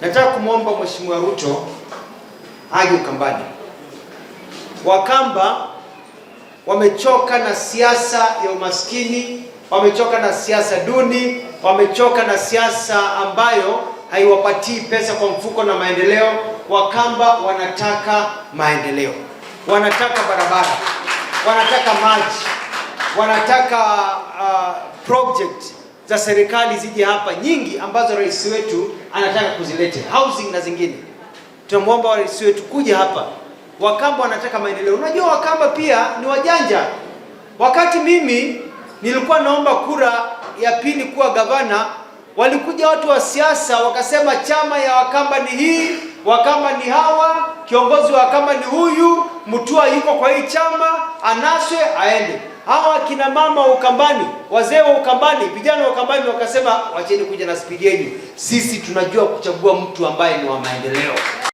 Nataka kumwomba Mheshimiwa Ruto aje Ukambani. Wakamba wamechoka na siasa ya umaskini, wamechoka na siasa duni, wamechoka na siasa ambayo haiwapatii pesa kwa mfuko na maendeleo. Wakamba wanataka maendeleo, wanataka barabara, wanataka maji, wanataka uh, project za serikali zije hapa nyingi, ambazo rais wetu anataka kuzilete housing na zingine. Tunamwomba rais wetu kuja hapa. Wakamba wanataka maendeleo. Unajua Wakamba pia ni wajanja. Wakati mimi nilikuwa naomba kura ya pili kuwa gavana, walikuja watu wa siasa wakasema chama ya Wakamba ni hii wakama ni hawa, kiongozi wa kama ni huyu, mtua yuko kwa hii chama, anaswe aende. Hawa kina mama wa Ukambani, wazee wa Ukambani, vijana wa Ukambani wakasema, wacheni kuja na spidi yenu, sisi tunajua kuchagua mtu ambaye ni wa maendeleo.